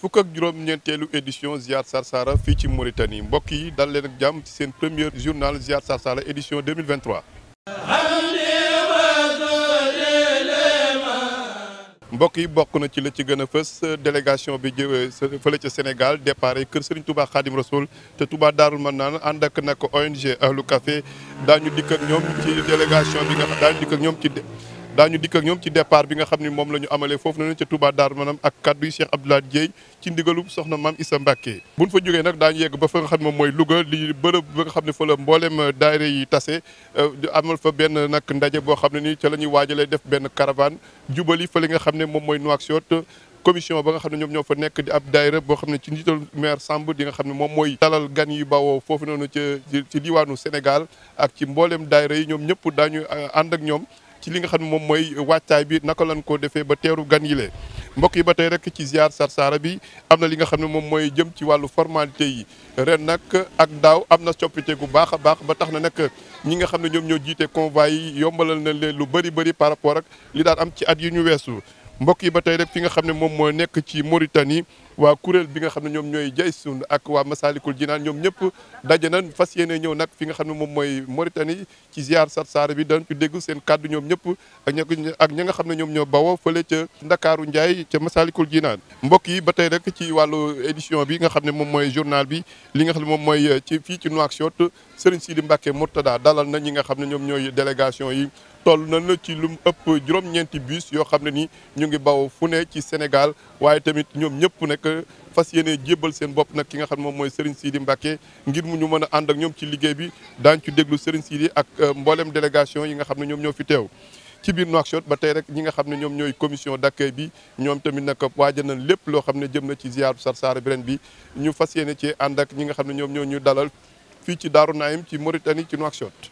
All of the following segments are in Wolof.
fukk ak juróom-ñeenteelu édition Ziar Sarsara fii ci Mauritanie mbokk yi dal leen ak jàmm ci seen première journal Ziar Sarsara édition 2023 bokk yi bokk na ci la ci gën a fës délégation bi jë euh, fële ci Sénégal départ kër Serigne Touba Khadim Rasoul te Touba Darul Manaan ànd ak nag ONG Ahlu Café daañu dikk ak ñoom ci délégation bi nga daañu dikk ak ñoom ci. daañu dikk ak ñoom ci départ bi nga xam ni moom la ñu amalee foofu la ñu ca Touba Darou Manam ak kaddu yi Cheikh Abdoulaye Dieye ci ndigalu soxna maam Issa Mbacké buñ fa jógee nag daañu yegg ba fa xam ne moom mooy Louga li bërëb ba nga xam ne fa la mbooleem daayira yi tase euh, amal fa benn nag ndaje boo xam ne ni ca la ñuy waajalee def benn caravane jubali fa li nga xam ne moom mooy Nouakchott commission ba nga xam ne ñoom ñoo fa nekk di ab daayira boo xam ne ci njiital maire Samb di nga xam ne moom mooy dalal gan yi bawoo foofu noonu ci ci diwaanu Sénégal ak ci mbooleem daayira yi ñoom ñëpp daañu euh, ànd ak ñoom ci li nga xam ne moom mooy wàccaay bi naka lañ ko defee ba teeru gan yi lee mbokk yi ba tey rek ci ziar Sarsara bi am na li nga xam ne moom mooy jëm ci wàllu formalité yi ren nag ak daaw am na coppite gu baax a baax ba tax na nag ñi nga xam ne ñoom ñoo jiite convois yi yombalal na leen lu bëri bëri par rapport ak li daal am ci at yi ñu weesu mbokk yi ba tey rek fi nga xam ne moom moo nekk ci Mauritanie waa kuréel bi nga xam ne ñoom ñooy jay sun ak waa Masalikul Jinaan ñoom ñëpp daje nañ fas yéene ñëw nag fi nga xam ne moom mooy Mauritanie ci ziar Sarsara bi dañ ci dégg seen kàddu ñoom ñëpp ak ña ak ña nga xam ne ñoom ñoo bawoo fële ca Ndakaaru Njaay ca Masalikul Jinaan mbokk yi ba tey rek ci wàllu édition bi nga xam ne moom mooy journal bi li nga xam ne moom mooy ci fii ci Nouakchott Serigne Sidi moto Murtada dalal na ñi nga xam ne ñoom ñooy délégation yi toll na na ci lu mu ëpp juróom-ñeenti bus yoo xam ne ni ñu ngi baw fu ne ci Sénégal waaye tamit ñoom ñëpp nag fas yéene jébbal seen bopp nag ki nga xam ne moom mooy Serigne Sidi Mbacké ngir mu ñu mën a ànd ak ñoom ci liggéey bi daañu ci déglu Serigne Sidi ak euh, mboolem délégation yi nga xam ne ñoom ñoo fi teew. ci biir Nouakchott ba tey rek ñi nga xam ne ñoom ñooy commission d'accueil bi ñoom tamit nag waaja nañ lépp loo xam ne jëm na ci ziaru Sarsara bi ren bi ñu fas yéene ci ànd ñi nga xam ne ñoom ñoo ñu dalal fii ci Daaru Naim ci Mauritanie ci Nouakchott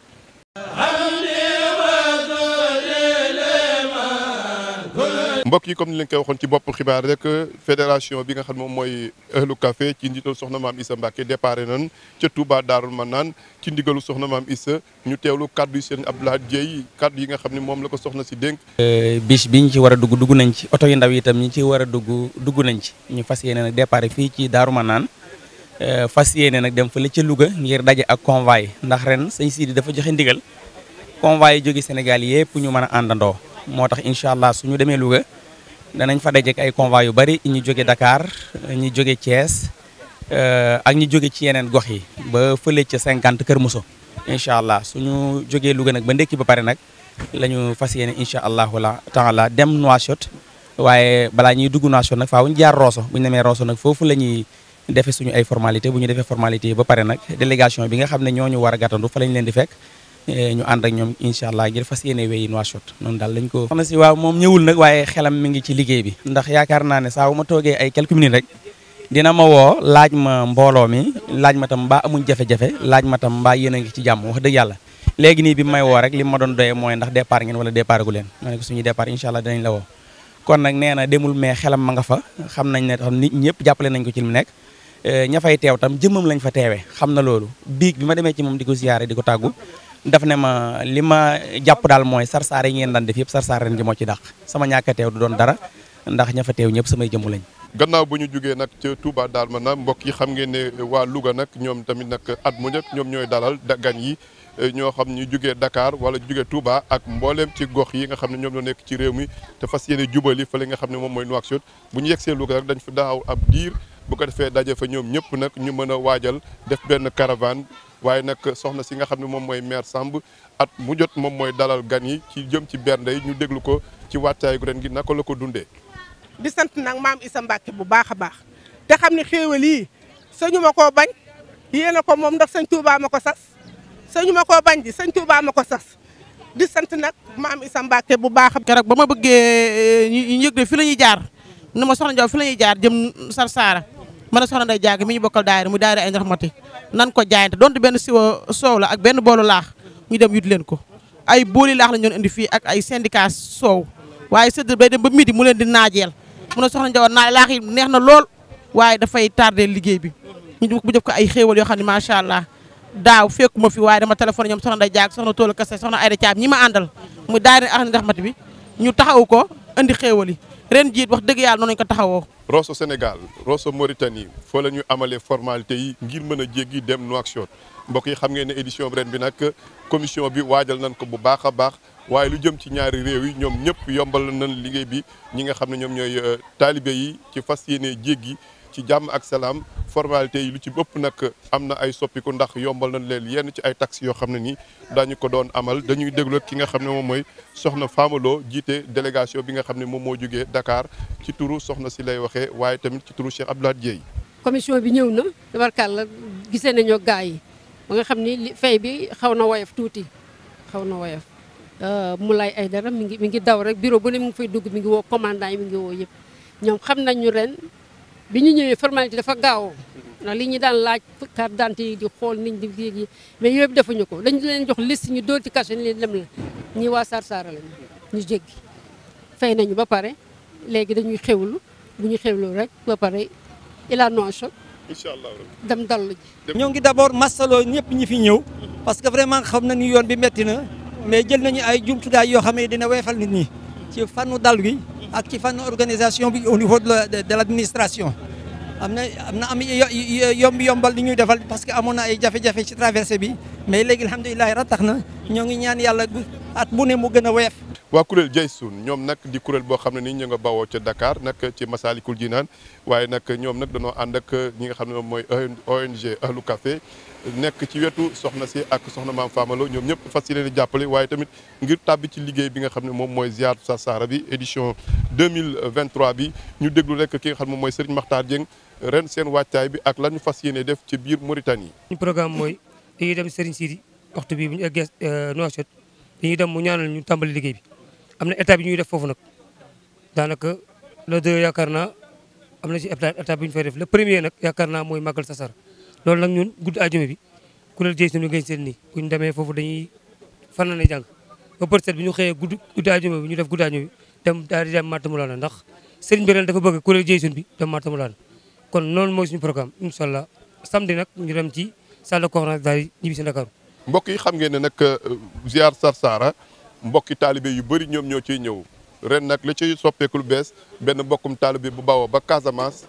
mbokk yi comme ni leen koy waxoon ci bopp xibaar rek fédération bi nga xam moom mooy Euhlou Café ci ndigalu soxna maam Issa Mbacké déparé nan ca Touba Daarul ma Manaan ci ndigalu soxna maam Issa ñu teewlu kàddu yi seen Abdoulaye Dieye kàddu yi nga xam ne moom la ko soxna si dénk euh, bis bi ñu ci war a dugg dugg nañ ci oto yu ndaw itam ñi ci war a dugg dugg nañ ci ñu fas yéene nag déparé fii ci Daaru Manaan euh, fas yéene nag dem fële ca Louga ngir daje ak convoy ndax ren sëñ Sidi dafa joxe ndigal convoy yi Sénégal yëpp ñu mën a àndandoo moo tax incha allah suñu demee Louga danañ fa dajeek ay convois yu bari ñu jóge Dakar ñu jóge Thiès euh, ak ñu jóge ci yeneen gox yi ba fële ci 50 Kër Moussa incha allah suñu jógee Louga nag ba ndekki ba pare nag la ñu fas yéene incha allahu taala dem Nouakchott waaye balaa ñuy dugg Nouakchott nag faaw ñu jaar Rosso bu ñu demee Rosso nag foofu la ñuy defee suñu ay formalité bu ñu defee formalité yi ba pare nag délégation bi nga xam ne ñoo ñu war a gàttandu fa lañ leen di fekk. Eh, ñu ànd ak ñoom incha allah ngir fas yéene wéy Nouakchott noonu daal lañ ko moom ñëwul nag waaye xelam mi ngi ci liggéey bi ndax yaakaar naa ne saa ma toogee ay quelques minutes rek dina ma woo laaj ma mbooloo mi laaj ma tam mbaa amuñ jafe-jafe laaj ma tam mbaa yéen a ngi ci jàmm wax dëgg yàlla léegi nii bi may woo rek li ma doon doyee mooy ndax départ ngeen wala départ gu leen ma ko suñu départ incha allah dinañ la woo kon nag nee demul mais xelam ma nga fa xam nañ ne tam nit ñëpp jàppale nañ ko ci li mu nekk eh, ña fay teew tam jëmmam lañ fa teewee xam na loolu biig bi ma demee ci moom di ko di ko tàggu daf ne ma li ma jàpp daal mooy sarsaar yi ngeen daan def yëpp sarsaar ren ji moo ci dàq sama ñàkk teew doon dara ndax ña fa ñëpp samay jëmu lañ. gannaaw bu ñu jógee nag ca Touba daal ma na mbokk yi xam ngeen ne waa Louga nag ñoom tamit nag at mu njëkk ñoom ñooy dalal gan yi e, ñoo xam ñu jugee Dakar wala jugee Touba ak mbooleem ci gox yi nga xam ne ñoom ñoo nekk ci réew mi te fas yéene jubali fa li nga xam ne moom mooy Nouakchott bu ñu yegsee Louga nag dañ fa daaw ab diir bu ko defee daje fa ñoom ñëpp nag ñu mën a waajal def benn caravane waaye nag soxna si nga xam ne moom mooy maire Samb at mu jot moom mooy dalal gan yi ci jëm ci bernde yi ñu déglu ko ci wàccaay gu ren gi naka la ko dundee. di sant nag maam Issa Mbacke bu baax a baax te xam ne xéewal yi sañu ma koo bañ yéen a ko moom ndax sëñ Touba ma ko sas sañu ma koo bañ ji sëñ Touba ko sas. di sant nag maam Issa bu baax a. keroog ba ma bëggee eh, ñu yëg de fi la ñuy jaar na ma soxna Diop fi la jaar jëm Sarsara. man a soxna nday jaag mi ñu bokkal daayira muy daayira ay raxmati nan ko jaayante donte benn siwa soow la ak benn boolu laax ñu dem yut leen ko ay booli laax la ñoon indi fii ak ay syndicat soow waaye sëdd bay dem ba midi mu leen di naajeel mun a soxna njawoon naa laax yi neex na lool waaye dafay tardé liggéey bi ñu bu jëf ko ay xéewal yoo xam ne macha allah daaw fekkuma fi waaye dama téléphone ñoom soxna nday jaag soxna toola kase soxna ayda caab ñi ma àndal muy daayira ay raxmati bi ñu taxaw ko indi xéewal yi ren jiit wax dëgg yàlla noonu ñu ko taxawoo. Rosso Sénégal Rosso Mauritanie foo la ñu amalee formalité yi ngir mën a jéggi dem Nouakchott mbokk yi xam ngeen ne bi ren bi nag commission bi waajal nañ ko bu baax a baax waaye lu jëm ci ñaari réew yi ñoom ñëpp yombal nañ liggéey bi ñi nga xam ne ñoom ñooy euh, taalibe yi ci fas yéene jéggi. ci jàmm ak salaam formalité yi lu ci bëpp nag am na ay soppiku ndax yombal nañ leen yenn ci ay taxes yoo xam ne nii daañu ko doon amal dañuy déglu ak ki nga xam ne moom mooy soxna Famaloo jiite délégation bi nga xam ne moom moo jógee Dakar ci turu soxna si lay waxe waaye tamit ci turu Cheikh Abdoulaye Dieye. commission bi ñëw na tabarkàlla gisee ñoo gaa yi ba nga xam ni fay bi xaw na woyof tuuti xaw na woyof euh, Moulay Aydara mi ngi mi ngi daw rek bureau bu ne mi ngi fay dugg mi ngi woo commandant yi mu ngi woo xam nañu ren. bi ñu ñëwee formalité dafa gaaw ndax li ñu daan laaj carte d'identité yi di xool niñ di yéeg yi mais yooyu defuñu ko dañu leen jox liste ñu dóor ci cachet ni leen dem la ñi waa Sar Sara ñu jéggi fay nañu ba pare léegi dañuy xewlu bu ñu xewlu rek ba pare il a non choc incha allah dem dallu ji. ñoo ngi d' abord masaloo ñëpp ñi fi ñëw parce que vraiment xam na nañu yoon bi metti na mais jël nañu ay jumtukaay yoo xam ne dina weefal nit ñi. ci fànnu dal gi ak ci fànnu organisation bi au niveau de de l' administration am na am na am yomb yombal li ñuy defal parce que amoon na ay jafe-jafe ci traversée bi mais léegi alhamdulilah ra tax na ñoo ngi ñaan yàlla at bu ne mu gën a weef waa kuréel Jaysun ñoom nag di kuréel boo xam ne ni ñu nga bawoo ca dakaar nag ci Masaalikul Jinaan waaye nag ñoom nag dañoo ànd ak ñi nga xam ne moom mooy ONG Ahlu Café nekk ci wetu soxna si ak soxna maam Famalo ñoom ñëpp fas yéene jàppale waaye tamit ngir tàbbi ci liggéey bi nga xam ne moom mooy Ziyaaratu Sarsara bi édition 2023 bi ñu déglu rek ki nga xam ne moom mooy Serigne Makhtar Dieng ren seen wàccaay bi ak lan ñu fas yéene def ci biir Mauritanie. suñu programme mooy dañuy dem Serigne Sidi waxtu bi ñu eggee euh, Nouakchott dañuy dem mu ñaanal ñu tàmbali liggéey am na étape bi ñuy def foofu nag daanaka le deux yaakaar naa am na ci étape bi ñu fay def le premier nag yaakaar naa mooy sa Sassar loolu nag ñun gudd àjjuma bi kuréel jëy suñu ngay seen nii ku ñu demee foofu dañuy fanaan jàng ba peut être bi ñu xëyee gudd gudd àjjuma bi ñu def gudd àjjuma bi dem daal di dem Matamulana ndax sëriñ bi ren dafa bëgg kuréel jëy suñ bi mu Matamulana kon loolu mooy suñu programme incha allah samedi nag ñu dem ci salle de conférence daal di ñibbi si Ndakaaru mbokk yi xam ngeen ne nag euh, ziar Sarsara mbokki taalibe yu bëri ñoom ñoo ciy ñëw ren nag la ciy soppeeku lu bees benn mbokkum taalibee bu bawoo ba Casamance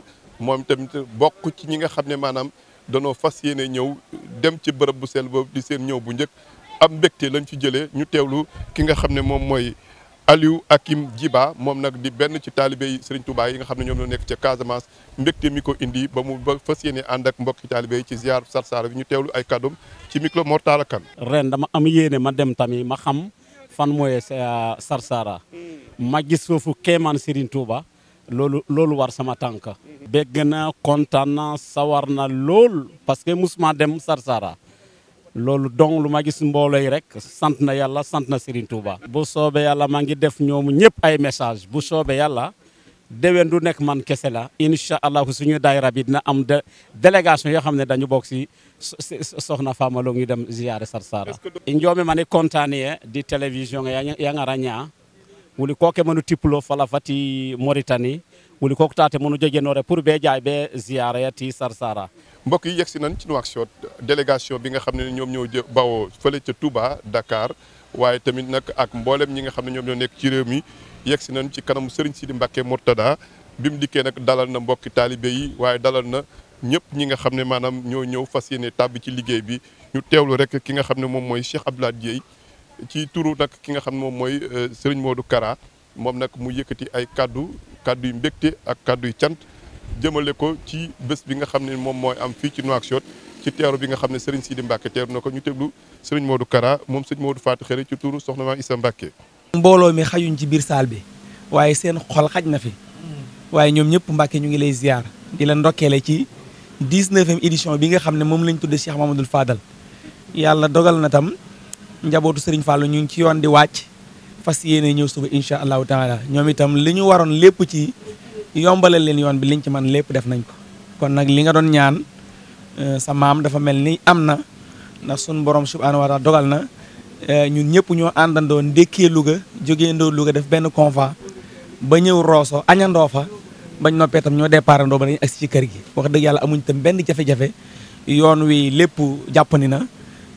moom tamit bokk ci ñi nga xam ne maanaam danoo fas yéene ñëw dem ci bërëb bu sell boobu di seen ñëw bu njëkk am mbégte lañ ci jëlee ñu teewlu ki nga xam ne moom mooy Aliou Akim Djiba moom nag di benn ci taalibe yi Serigne Touba yi nga xam ne ñoom ñoo nekk ca Casamance mbégte mi ko indi ba mu ba fas yéene ànd ak mbokki taalibe yi ci ziar Sarsara bi ñu teewlu ay kàddoom ci micro Mortala Kane ren dama am yéene ma dem tamit ma xam fan mooy eh, Sarsara ma gis foofu kéemaan Serigne Touba loolu loolu war sama tànk bégg na kontaan na sawar na lool parce que musuma dem Sarsara loolu donc lu ma gis mbooloo yi rek sant na yàlla sant na Serigne Touba bu soobee yàlla maa ngi def ñoom ñëpp ay message bu soobee yàlla déwén du nekk man kese la incha allahu suñu daayira bi dina am de délégation yoo xam ne dañu bokk si soxna Fama Lo ngi dem ziyaare Sarsara injoome mani kontaanie di télévision yangara ah. ña wuli koke manu tiplo fala fati Mauritanie wuli kooku taate manu jogenore pour be jaay be ziyaare ti Sarsara mbokk yi yegsi nañ ci Nouakchott délégation bi nga xam ne ñoom ñoo jë bawoo fële Touba Dakar waaye tamit nag ak mboolem ñi nga xam ne ñoom ñoo nekk ci réew mi yegg si nañ ci kanamu Serigne Sidi Mbacke Murtada bi mu dikkee nag dalal na mbokki taalibe yi waaye dalal na ñëpp ñi nga xam ne maanaam ñoo ñëw fas yéene tàbbi ci liggéey bi ñu teewlu rek ki nga xam ne moom mooy Cheikh Abdoulaye Dieye ci turu nag ki nga xam moom mooy euh, Serigne Modou Kara moom nag mu yëkkati ay kaddu kaddu yu mbégte ak kaddu yu cant jëmale ko ci bés bi nga xam ne moom mooy am fii ci Nouakchott ci teeru bi nga xam ne Serigne Sidi Mbacke teeru na ko ñu teglu Serigne Modou Kara moom Serigne Modou Fatou Xëri ci turu soxna Maa Issa Mbacke mbooloo mi xajuñ ci biir saal bi waaye seen xol xaj na fi waaye ñoom ñëpp Mbàkke ñu ngi lay ziar di la ndokkeele ci dix-neuvième édition bi nga xam ne moom lañ tudde Cheikh Mamadou faadal yàlla dogal na tam njabootu Serigne Fallou ñu ngi ci yoon di wàcc fas yéene ñëw suba incha allahu taala ñoom itam li ñu waroon lépp ci yombalal leen yoon bi liñ ci man lépp def nañ ko kon nag li nga doon ñaan euh, sa maam dafa mel ni am na ndax sun borom subhanahu wa dogal na Eh, ñun ñëpp ñoo àndandoo ndékkee Louga jógeendoo Louga def benn convoi ba ñëw Rosso añandoo fa bañ noppee tam ñoo départandoo ba dañu agsi ci kër gi wax dëgg yàlla amuñ tam benn jafe-jafe yoon wii lépp jàpp ni na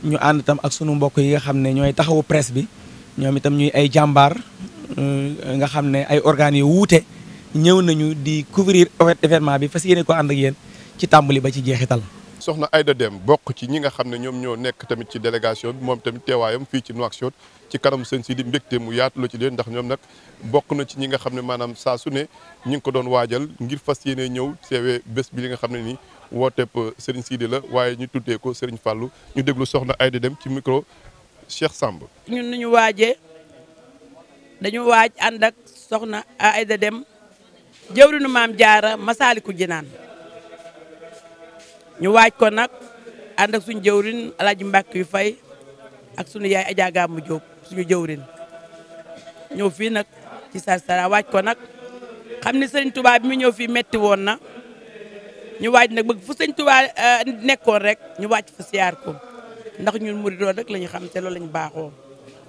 ñu ànd tam ak sunu mbokk yi nga xam ne ñooy taxawu presse bi ñoom itam ñuy ay jàmbaar eh, nga xam ne ay organes yu wuute ñëw nañu di couvrir événement bi fas yéene ko ànd ak yéen ci tàmbali ba ci jeexital soxna Aïda dem bokk ci ñi nga xam ne ñoom ñoo nekk tamit ci délégation bi moom tamit teewaayam fii ci Nouakchott ci kanam sëñ si di mbégte mu yaatu la ci leen ndax ñoom nag bokk na ci ñi nga xam ne maanaam saa su ne ñi ngi ko doon waajal ngir fas yéene ñëw seewee bés bi li nga xam ne nii wooteeb euh, Serigne Sidi la waaye ñu tuddee ko Serigne Fallou ñu déglu soxna Aïda dem ci micro Cheikh Samb. ñun nañu ñu waajee dañu waaj ànd ak soxna Aïda Deme jëwriñu maam jaara Masaalikul Jinaan ñu waaj ko nag ànd ak suñu jëwrin alaaji mbàkk yu fay ak suñu yaay Adja Gamou Diop suñu jëwrin ñëw fii nag ci Sarsara waaj ko nag xam ni sëñ tubaab bi mu ñëw fii metti woon na ñu waaj nag bëgg fu sëñ Touba eh, nekkoon rek ñu waaj fa siyaar ko ndax ñun muridoon rek la ñu xam te loolu lañu baaxoo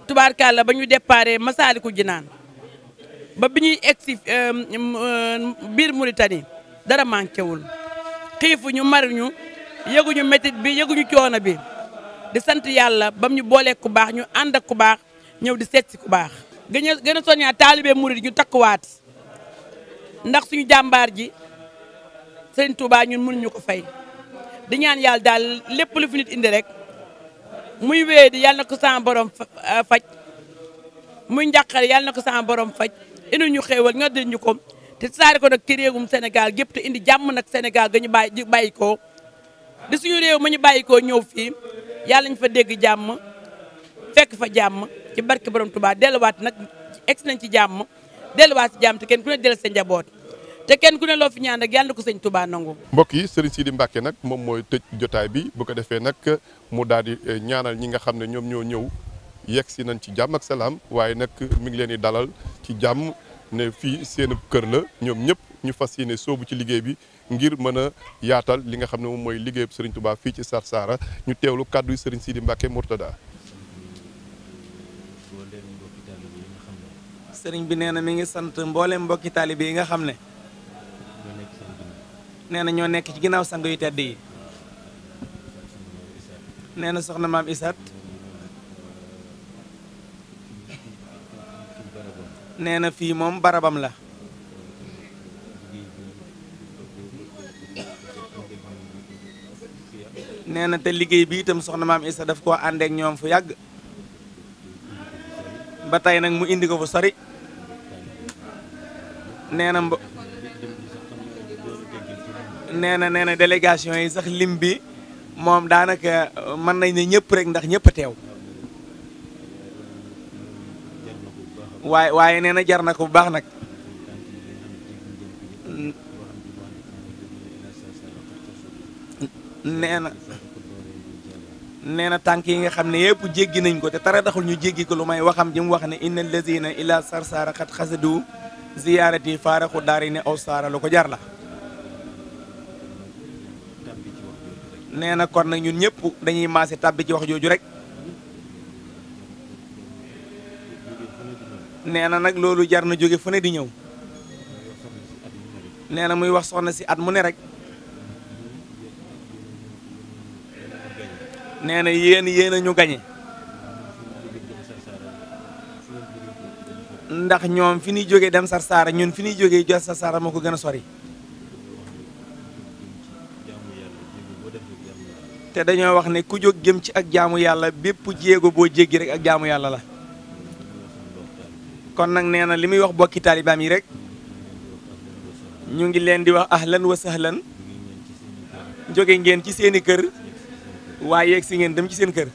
tubaarkàlla ba ñu déparé Masaalikul Jinaan ba bi ñuy egsi eh, eh, biir Mauritanie dara manqué ñu xiifuñu maruñu yëguñu metit bi yëguñu coono bi di sant yàlla bam ñu booleeg ku baax ñu ànd ak ku baax ñëw di seetsi ku baax. gën a gën a soññaa taalibe murid ñu takkuwaat ndax suñu jàmbaar ji sëñ Touba ñun mënuñu ko fay di ñaan yàlla daal lépp li fi indi rek muy wéy di yàlla na ko borom faj muy njàqare yàlla na ko sama borom faj indi ñu xéewal ñoo di ñu ko. te saare ko nag ci réewum Sénégal gépp te indi jàmm nag Sénégal ga ñu bàyyi bàyyi ko di suñu réew ma ñu bàyyi ko ñëw fii yàlla ñu fa dégg jàmm fekk fa jàmm ci barke borom Touba delluwaat nag egg nañ ci jàmm delluwaat ci jàmm te kenn ku ne dellu sa njaboot te kenn ku ne loo fi ñaan ak yàlla ko sëñ Touba nangu. mbokk yi Serigne di Mbacke nag moom mooy tëj jotaay bi bu ko defee nag mu daal di eh, ñaanal ñi nga xam ne ñoom ñoo ñëw yegg si nañ ci jàmm ak salaam waaye nag mi ngi leen di dalal ci jàmm. ne fii seen kër la ñoom ñëpp ñu fas yéene soobu ci liggéey bi ngir mën a yaatal li nga xam ne moom mooy liggéeyub Serigne Touba fii ci Sarsara ñu teewlu kàddu sëriñ Serigne Sidi Mbacke Mourtada. Serigne bi nee na mi ngi sant mboole mbokki taalibe yi nga xam ne. nee na ñoo nekk ci ginnaaw sang yu tedd yi. nee soxna maam Isaat. nee na fii moom barabam la nee na te liggéey bi itam soxna maam Isa daf ko àndeek ñoom fu yàgg ba tey nag mu indi ko fu sori nee na mbo nee na nee na délégation yi sax lim bi moom daanaka mën nañ ne ñëpp rek ndax ñëpp teew waaye waaye nee na jar na ko bu baax nag nee na nee na tànk yi nga xam ne yëpp jéggi nañ ko te tara taxul ñu jéggi ko lu may waxam ji mu wax ne inna lazina ila sarsaara xat xasadu ziyaarati daar yi ne aw saara lu ko jar la nee na kon nag ñun ñëpp dañuy maase tàbbi ci wax jooju rek nee na nag loolu jar na jóge fu ne di ñëw nee na muy wax soxna si at mu ne rek nee na yéen yéen a ñu gañe ndax ñoom fi ñuy jóge dem Sarsara ñun fi ñuy jógee jot Sarsara moo ko gën a sori te dañoo wax ne ku jóg jëm ci ak jaamu yàlla bépp jéego boo jéggi rek ak jaamu yàlla la kon nag nee na li muy wax bokki taalibaam yi rek ñu ngi leen di wax ahlan wa sahlan jóge ngeen ci seeni kër waaye yegg si ngeen dem ci seen kër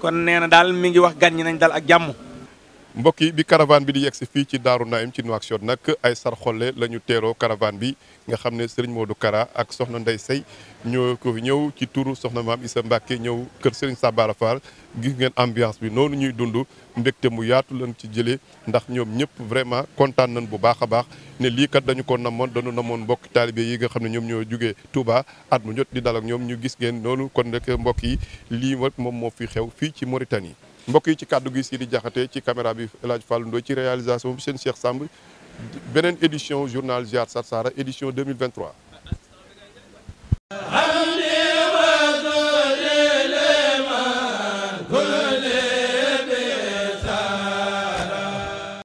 kon nee na daal mi ngi wax gan ñi nañ dal ak jàmm mbokk yi bi caravane bi di yegg si fii ci Daaru Naim ci Nouakchott nag ay sarxolle la ñu teeroo caravane bi nga xam ne Serigne Modou Kara ak soxna Ndey Sey ñoo ko ñëw ci turu soxna maam Issa Mbacke ñëw kër Serigne Sabara Fall gis ngeen ambiance bi noonu ñuy dund mbégte mu yaatu lañ ci jëlee ndax ñoom ñëpp vraiment kontaan nañ bu baax a baax ne lii kat dañu ko namoon dañu namoon mbokk taalibe yi nga xam ne ñoom ñoo jugee Touba at mu jot di dal ak ñoom ñu gis ngeen noonu kon mbokk yi lii moom moo fi xew fii ci Mauritanie mbokk yi ci kàddu gi di jaxatee ci caméra bi laaj Hadj Fall Ndoye ci réalisation bi seen Cheikh Samb beneen édition journal Ziar Sar Sara édition 2023